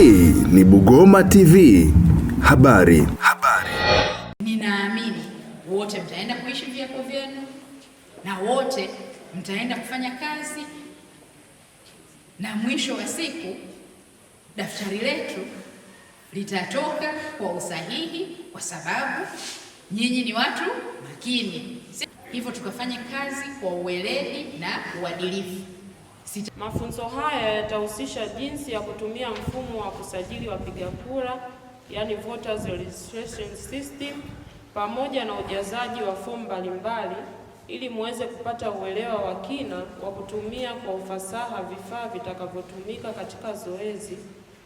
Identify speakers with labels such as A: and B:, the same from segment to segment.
A: Hii ni Bugoma TV. Habari. Habari.
B: Ninaamini wote mtaenda kuishi vyako vyenu na wote mtaenda kufanya kazi na mwisho wa siku daftari letu litatoka kwa usahihi, kwa sababu nyinyi ni watu makini. Hivyo tukafanye kazi kwa uweledi na uadilifu.
C: Sita. Mafunzo haya yatahusisha jinsi ya kutumia mfumo wa kusajili wapiga kura, yani voters registration system, pamoja na ujazaji wa fomu mbalimbali ili muweze kupata uelewa wa kina wa kutumia kwa ufasaha vifaa vitakavyotumika katika zoezi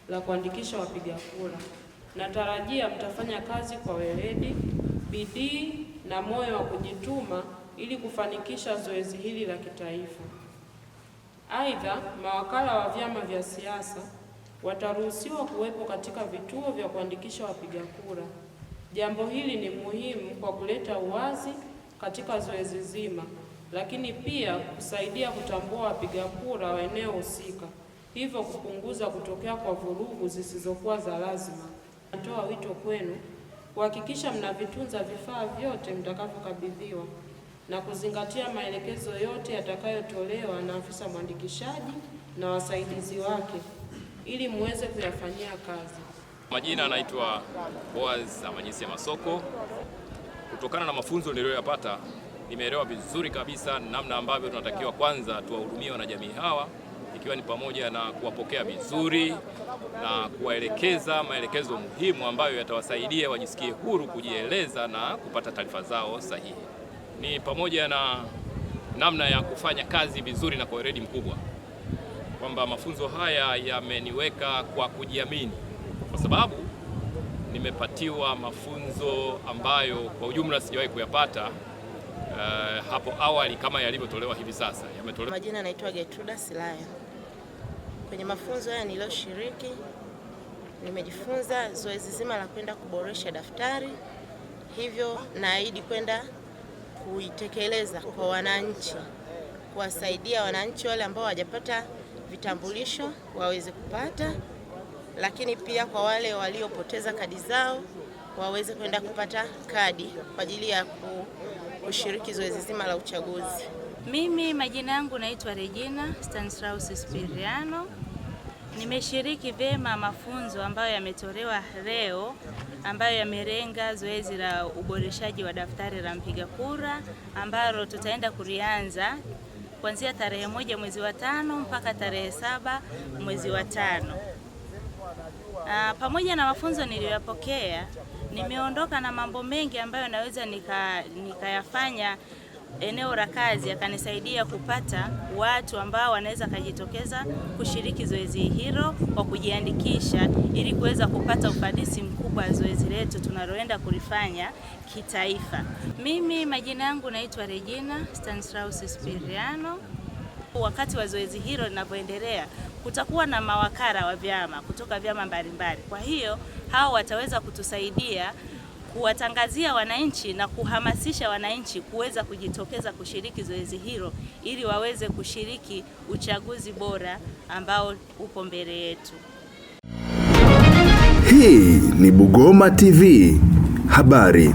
C: la kuandikisha wapiga kura. Natarajia mtafanya kazi kwa weledi, bidii na moyo wa kujituma ili kufanikisha zoezi hili la kitaifa. Aidha, mawakala wa vyama vya siasa wataruhusiwa kuwepo katika vituo vya kuandikisha wapiga kura. Jambo hili ni muhimu kwa kuleta uwazi katika zoezi zima, lakini pia kusaidia kutambua wapiga kura wa eneo husika, hivyo kupunguza kutokea kwa vurugu zisizokuwa za lazima. Natoa wito kwenu kuhakikisha mnavitunza vifaa vyote mtakavyokabidhiwa na kuzingatia maelekezo yote yatakayotolewa na afisa mwandikishaji na wasaidizi wake ili muweze kuyafanyia kazi.
D: Majina anaitwa Boaz ya Masoko. Kutokana na mafunzo niliyoyapata, nimeelewa vizuri kabisa namna ambavyo tunatakiwa kwanza tuwahudumie wanajamii hawa ikiwa ni pamoja na kuwapokea vizuri na kuwaelekeza maelekezo muhimu ambayo yatawasaidia wajisikie huru kujieleza na kupata taarifa zao sahihi ni pamoja na namna ya kufanya kazi vizuri na kwa weledi mkubwa, kwamba mafunzo haya yameniweka kwa kujiamini, kwa sababu nimepatiwa mafunzo ambayo kwa ujumla sijawahi kuyapata uh, hapo awali kama yalivyotolewa hivi sasa
E: yametolewa. Majina naitwa Getruda Silaya. Kwenye mafunzo haya niliyoshiriki, nimejifunza zoezi zima la kwenda kuboresha daftari, hivyo naahidi kwenda kuitekeleza kwa wananchi, kuwasaidia wananchi wale ambao hawajapata vitambulisho waweze kupata, lakini pia kwa wale waliopoteza kadi zao waweze kwenda kupata kadi kwa ajili ya kushiriki zoezi zima la uchaguzi.
F: Mimi majina yangu naitwa Regina Stanislaus Spiriano. Nimeshiriki vyema mafunzo ambayo yametolewa leo ambayo yamelenga zoezi la uboreshaji wa daftari la mpiga kura ambalo tutaenda kulianza kuanzia tarehe moja mwezi wa tano mpaka tarehe saba mwezi wa tano. Aa, ah, pamoja na mafunzo niliyoyapokea nimeondoka na mambo mengi ambayo naweza nikayafanya nika eneo la kazi akanisaidia kupata watu ambao wanaweza kujitokeza kushiriki zoezi hilo kwa kujiandikisha, ili kuweza kupata ufanisi mkubwa wa zoezi letu tunaloenda kulifanya kitaifa.
G: Mimi majina yangu naitwa Regina Stanislaus Spiriano. Wakati wa zoezi hilo linavyoendelea, kutakuwa na mawakala wa vyama kutoka vyama mbalimbali, kwa hiyo hao wataweza kutusaidia kuwatangazia wananchi na kuhamasisha wananchi kuweza kujitokeza kushiriki zoezi hilo ili waweze kushiriki uchaguzi bora ambao upo mbele yetu. Hii ni Bugoma TV habari.